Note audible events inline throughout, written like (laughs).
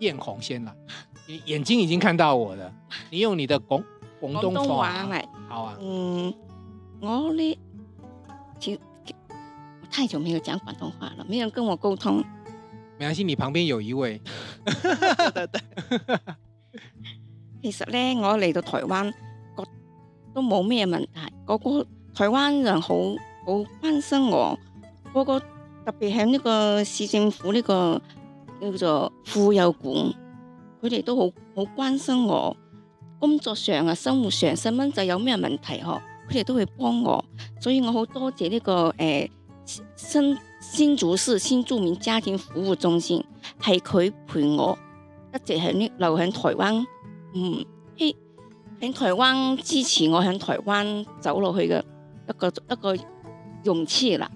艷紅先啦，你眼睛已經看到我了，你用你的廣廣東，東話嚟好啊。嗯，我呢，其太久沒有講廣東話了，沒人跟我溝通。沒關係，你旁邊有一位。 (laughs) (laughs) (laughs) 其實呢，我嚟到台灣，個都冇咩問題。嗰個台灣人好好關心我。嗰個特別喺呢個市政府呢、呢個。叫做富幼館，佢哋都好好關心我，工作上呀、生活上，細蚊仔有咩問題，嗬，佢哋都會幫我，所以我好多謝呢、這個誒、呃、新新竹縣新住民家庭服務中心，係佢陪我一直在留喺台灣，嗯，喺台灣支持我喺台灣走落去嘅一個一個勇氣啦。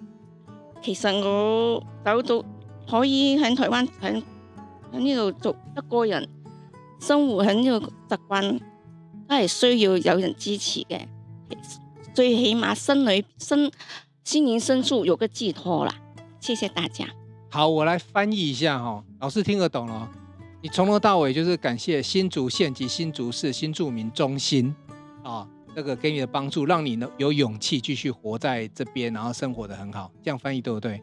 其實我走到。可以喺台灣，喺喺呢度做一個人生活喺呢度習慣，都係需要有人支持嘅。最起碼身裏身，心靈深處有個寄託啦。謝謝大家。好，我來翻譯一下嚇、哦，老師聽得懂咯。你從頭到尾就是感謝新竹縣及新竹市新住民中心啊，那、哦這個給你的幫助，讓你有勇氣繼續活在這邊，然後生活得很好。這樣翻譯對不對？